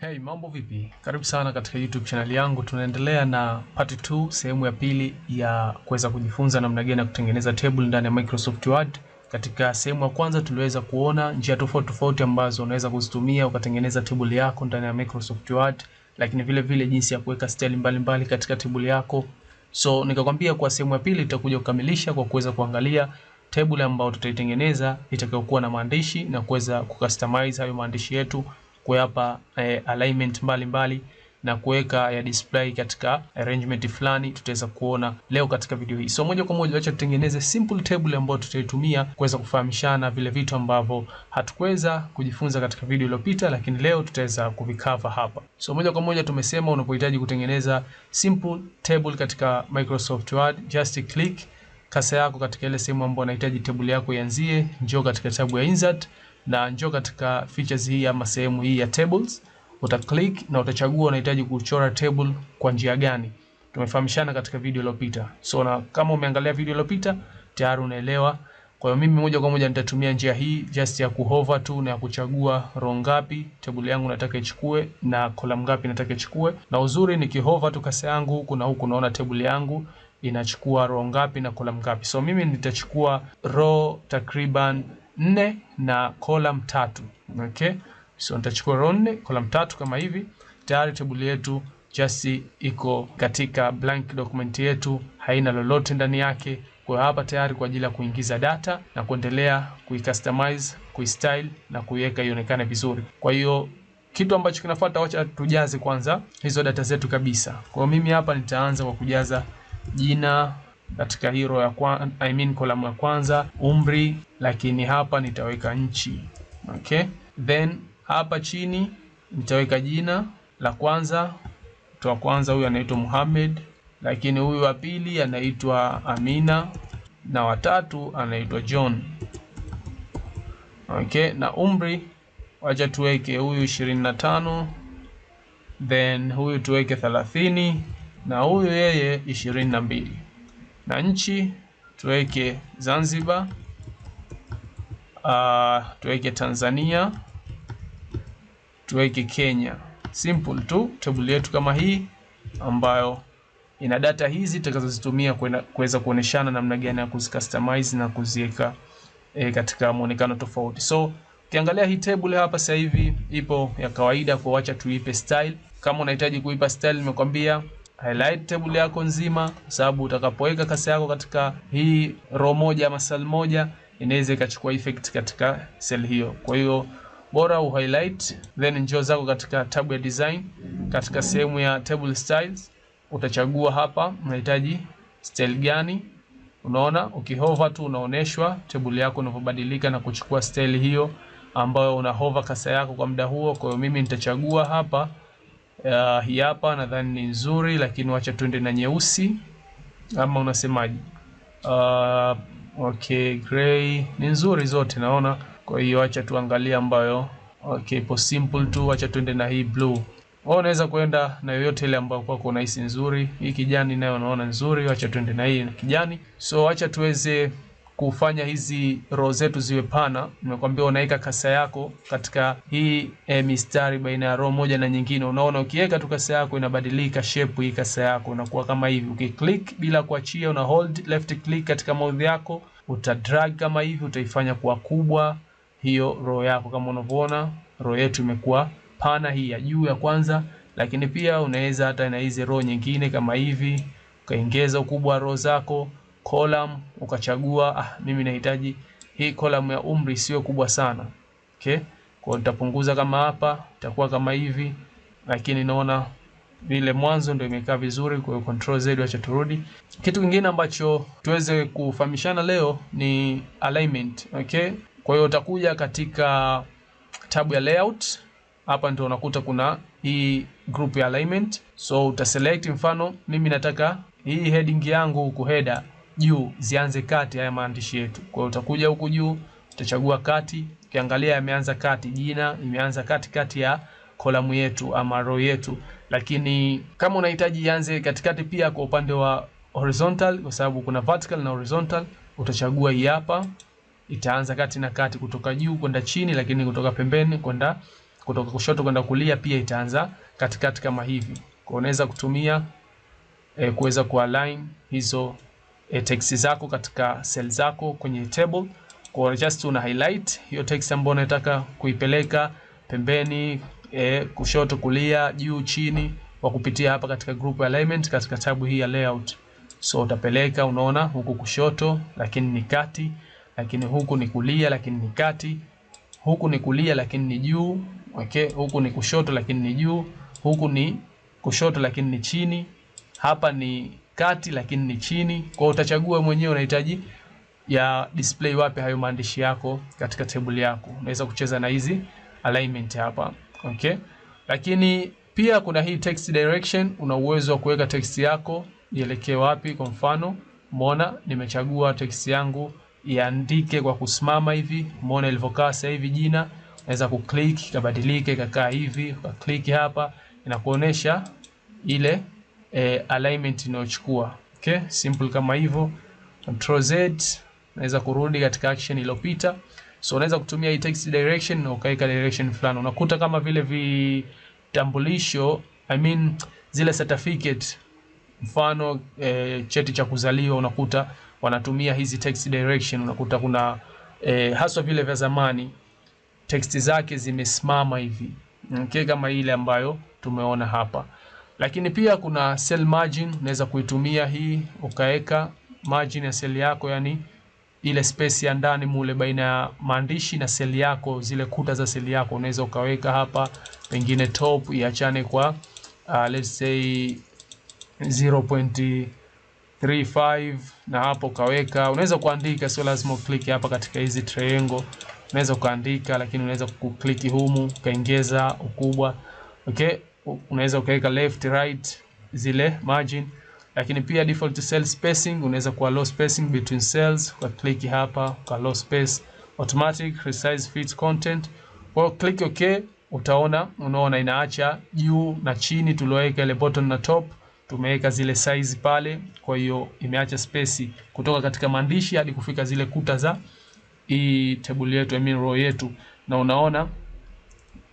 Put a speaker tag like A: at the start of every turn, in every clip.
A: Hey, mambo vipi? Karibu sana katika YouTube channel yangu. Tunaendelea na part 2 sehemu ya pili ya kuweza kujifunza namna gani ya kutengeneza table ndani ya Microsoft Word. Katika sehemu ya kwanza tuliweza kuona njia tofauti tofauti ambazo unaweza kuzitumia ukatengeneza table yako ndani ya Microsoft Word, lakini vile vile jinsi ya kuweka style mbalimbali mbali katika table yako. So nikakwambia kwa sehemu ya pili itakuja kukamilisha kwa kuweza kuangalia table ambayo tutaitengeneza itakayokuwa na maandishi na kuweza kucustomize hayo maandishi yetu kuyapa eh, alignment mbalimbali mbali, na kuweka ya eh, display katika arrangement fulani, tutaweza kuona leo katika video hii. So moja kwa moja, acha tutengeneze simple table ambayo tutaitumia kuweza kufahamishana vile vitu ambavyo hatukuweza kujifunza katika video iliyopita, lakini leo tutaweza kuvikava hapa. So moja kwa moja, tumesema unapohitaji kutengeneza simple table katika Microsoft Word, just click kasa yako katika ile sehemu ambayo unahitaji table yako ianzie, njoo katika tabu ya insert na njoo katika features hii ama sehemu hii ya tables, uta click na utachagua unahitaji kuchora table kwa njia gani. Tumefahamishana katika video iliyopita, so na kama umeangalia video iliyopita tayari unaelewa. Kwa hiyo mimi moja kwa moja nitatumia njia hii just ya kuhover tu na ya kuchagua row ngapi table yangu nataka ichukue na column ngapi nataka ichukue. Na uzuri ni nikihover tu kasi yangu huku na huku, naona table yangu inachukua row ngapi na column ngapi. So mimi nitachukua row takriban nne na column tatu. Okay? So nitachukua row nne column tatu kama hivi. Tayari table yetu just iko katika blank document yetu, haina lolote ndani yake. Kwa hapa tayari kwa ajili ya kuingiza data na kuendelea kuicustomize, kuistyle na kuiweka ionekane vizuri. Kwa hiyo kitu ambacho kinafuata, wacha tujaze kwanza hizo data zetu kabisa. Kwa mimi hapa nitaanza kwa kujaza jina katika hii row ya kwanza, I mean column ya kwanza umri, lakini hapa nitaweka nchi okay. Then hapa chini nitaweka jina la kwanza. Mtu wa kwanza huyu anaitwa Muhammad, lakini huyu wa pili anaitwa Amina na watatu anaitwa John okay. Na umri wacha tuweke huyu ishirini na tano then huyu tuweke thelathini na huyu yeye ishirini na mbili na nchi tuweke Zanzibar, uh, tuweke Tanzania, tuweke Kenya. Simple tu table yetu kama hii ambayo ina data hizi tutakazozitumia kuweza kuoneshana namna gani ya kuzicustomize na kuziweka e, katika muonekano tofauti. So ukiangalia hii table hapa sasa hivi ipo ya kawaida, kwa wacha tuipe style. Kama unahitaji kuipa style, nimekwambia highlight table yako nzima, sababu utakapoweka kasi yako katika hii row moja ama cell moja inaweza ikachukua effect katika cell hiyo. Kwa hiyo bora u highlight then njoo zako katika tab ya design, katika sehemu ya table styles utachagua hapa unahitaji style gani. Unaona, ukihova tu unaoneshwa table yako inavyobadilika na kuchukua style hiyo ambayo unahova kasa yako kwa muda huo. Kwa hiyo mimi nitachagua hapa Uh, hii hapa nadhani ni nzuri, lakini wacha tuende na nyeusi, ama unasemaje? Uh, okay, gray ni nzuri zote naona, kwa hiyo wacha tuangalie ambayo okay, ipo simple tu, wacha tuende na hii blue. Wewe unaweza kuenda na yoyote ile ambayo kwako unahisi nzuri. Hii kijani nayo unaona nzuri, wacha tuende na hii kijani. So wacha tuweze kufanya hizi row zetu ziwe pana, nimekwambia unaweka kasa yako katika hii e, mistari baina ya row moja na nyingine. Unaona, ukiweka tu kasa yako inabadilika shape hii kasa yako inakuwa kama hivi. Ukiklik bila kuachia, una hold left click katika mouse yako, uta drag kama hivi, utaifanya kuwa kubwa hiyo row yako. Kama unavyoona row yetu imekuwa pana, hii ya juu ya kwanza, lakini pia unaweza hata na hizi row nyingine kama hivi ukaongeza ukubwa wa row zako column ukachagua, ah, mimi nahitaji hii column ya umri isiwe kubwa sana. Okay? Kwa nitapunguza kama hapa, itakuwa kama hivi, lakini naona vile mwanzo ndio imekaa vizuri, kwa hiyo control z, acha turudi. Kitu kingine ambacho tuweze kufahamishana leo ni alignment. Okay? Kwa hiyo utakuja katika tabu ya layout hapa ndio unakuta kuna hii group ya alignment, so utaselect. Mfano mimi nataka hii heading yangu huku header juu zianze kati haya maandishi yetu. Kwa hiyo utakuja huku juu utachagua kati, ukiangalia yameanza kati, jina imeanza kati kati ya kolamu yetu ama row yetu, lakini kama unahitaji ianze katikati pia kwa upande wa horizontal, kwa sababu kuna vertical na horizontal, utachagua hii hapa, itaanza kati na kati kutoka juu kwenda chini, lakini kutoka pembeni kwenda kutoka kushoto kwenda kulia pia itaanza katikati kama hivi. Kwa unaweza kutumia e, kuweza kualign hizo e, eh, text zako katika cell zako kwenye table. Kwa just una highlight hiyo text ambayo unataka kuipeleka pembeni, e, kushoto, kulia, juu, chini kwa kupitia hapa katika group alignment katika tabu hii ya layout. So utapeleka unaona, huku kushoto lakini ni kati, lakini huku ni kulia lakini ni kati, huku ni kulia lakini ni juu okay, huku ni kushoto lakini ni juu, huku ni kushoto lakini ni chini, hapa ni kati, lakini ni chini. Kwa utachagua mwenyewe unahitaji ya display wapi hayo maandishi yako katika table yako. Unaweza kucheza na hizi alignment hapa. Okay? Lakini pia kuna hii text direction, una uwezo wa kuweka text yako ielekee wapi. Kwa mfano, umeona nimechagua text yangu iandike kwa kusimama hivi, umeona ilivyokaa sasa hivi jina. Unaweza kuclick ikabadilike ikakaa hivi, ukaclick hapa inakuonesha ile e, alignment inayochukua. Okay, simple kama hivyo. Control Z naweza kurudi katika action iliyopita. So unaweza kutumia hii text direction na ukaweka direction fulani. Unakuta kama vile vitambulisho, I mean zile certificate mfano e, cheti cha kuzaliwa unakuta wanatumia hizi text direction. Unakuta kuna e, haswa vile vya zamani text zake zimesimama hivi, okay, kama ile ambayo tumeona hapa. Lakini pia kuna sell margin, unaweza kuitumia hii ukaweka margin ya sell yako, yani ile space ya ndani mule baina ya maandishi na sell yako, zile kuta za sell yako unaweza ukaweka hapa, pengine top iachane kwa uh, let's say 0.35 na hapo ukaweka, unaweza kuandika, sio lazima click hapa katika hizi triangle, unaweza ukaandika, lakini unaweza kuklik humu ukaongeza ukubwa okay unaweza ukaweka left right zile margin, lakini pia default cell spacing unaweza kuwa low spacing between cells kwa click hapa kwa low space, automatic resize fit content kwa click okay, utaona unaona inaacha juu na chini, tulioweka ile button na top tumeweka zile size pale, kwa hiyo imeacha space kutoka katika maandishi hadi kufika zile kuta za hii table yetu, I mean row yetu, na unaona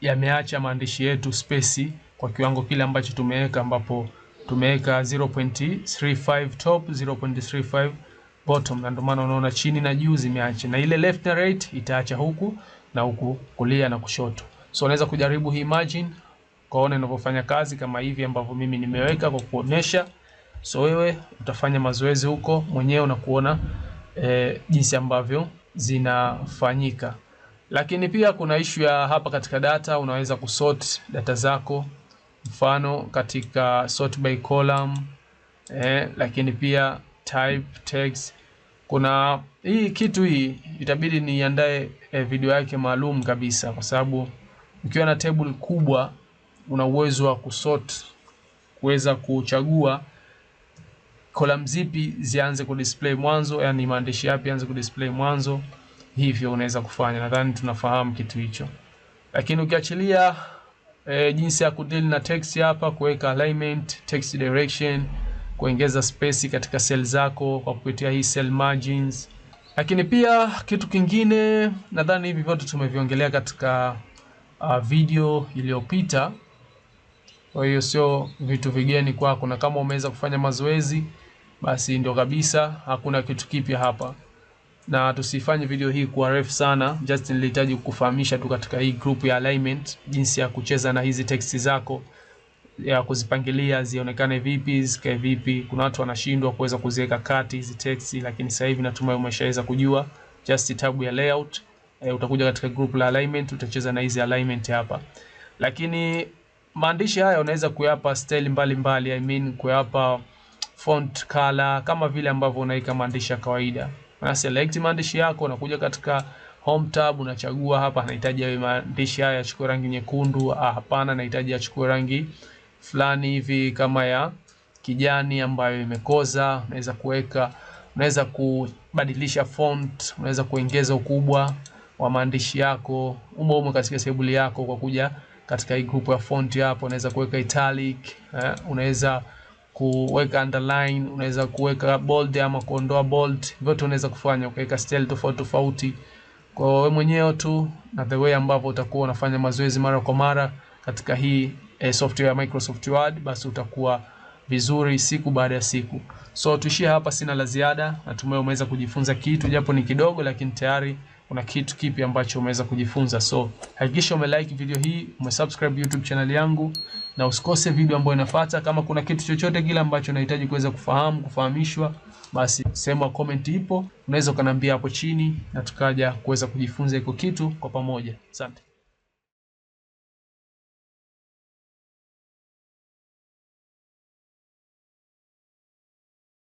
A: yameacha maandishi yetu space kwa kiwango kile ambacho tumeweka ambapo tumeweka 0.35 top 0.35 bottom, na ndio maana unaona chini na juu zimeacha, na ile left na right itaacha huku na huku, kulia na kushoto. So unaweza kujaribu hii margin kaona inavyofanya kazi, kama hivi ambavyo mimi nimeweka kwa kuonesha. So wewe utafanya mazoezi huko mwenyewe na kuona e, jinsi ambavyo zinafanyika. Lakini pia kuna ishu ya hapa katika data, unaweza kusort data zako mfano katika sort by column eh, lakini pia type text. Kuna hii kitu hii itabidi niandae eh, video yake maalum kabisa, kwa sababu ukiwa na table kubwa una uwezo wa kusort, kuweza kuchagua column zipi zianze display mwanzo, yani maandishi yapi ku display mwanzo. Hivyo unaweza kufanya, nadhani tunafahamu kitu hicho, lakini ukiachilia e, jinsi ya kudeal na text hapa, kuweka alignment, text direction, kuongeza space katika cell zako kwa kupitia hii cell margins. Lakini pia kitu kingine, nadhani hivi vyote tumeviongelea katika uh, video iliyopita, kwa hiyo sio vitu vigeni kwako, na kama umeweza kufanya mazoezi basi ndio kabisa, hakuna kitu kipya hapa na tusifanye video hii kuwa refu sana, just nilihitaji kukufahamisha tu katika hii group ya alignment, jinsi ya kucheza na hizi text zako ya kuzipangilia zionekane vipi, zikae vipi. Kuna watu wanashindwa kuweza kuziweka kati hizi text, lakini sasa hivi natumai umeshaweza kujua just tabu ya layout. E, utakuja katika group la alignment, utacheza na hizi alignment hapa, lakini maandishi haya unaweza kuyapa style mbalimbali mbali, I mean kuyapa font color kama vile ambavyo unaika maandishi ya kawaida una select maandishi yako, unakuja katika home tab, unachagua hapa, nahitaji yawe maandishi haya yachukue rangi nyekundu. Ah, hapana, nahitaji yachukue rangi fulani hivi kama ya kijani ambayo imekoza. Unaweza kuweka, unaweza kubadilisha font, unaweza kuongeza ukubwa wa maandishi yako umo umo katika sebuli yako, kwa kuja katika hii group ya font hapo, unaweza kuweka italic eh, unaweza kuweka underline, unaweza kuweka bold ama kuondoa bold, vyote unaweza kufanya, ukaweka style tofauti tofauti kwa wewe mwenyewe tu na the way ambavyo utakuwa unafanya mazoezi mara kwa mara katika hii eh, software ya Microsoft Word, basi utakuwa vizuri siku baada ya siku. So tuishie hapa, sina la ziada. Natumai umeweza kujifunza kitu japo ni kidogo, lakini tayari kuna kitu kipi ambacho umeweza kujifunza. So hakikisha like video hii, subscribe YouTube channel yangu na usikose video ambayo inafuata. Kama kuna kitu chochote kile ambacho unahitaji kuweza kufahamu, kufahamishwa, basi sehemu ya comment ipo, unaweza ukaniambia hapo chini na tukaja kuweza kujifunza iko kitu kwa pamoja. Asante.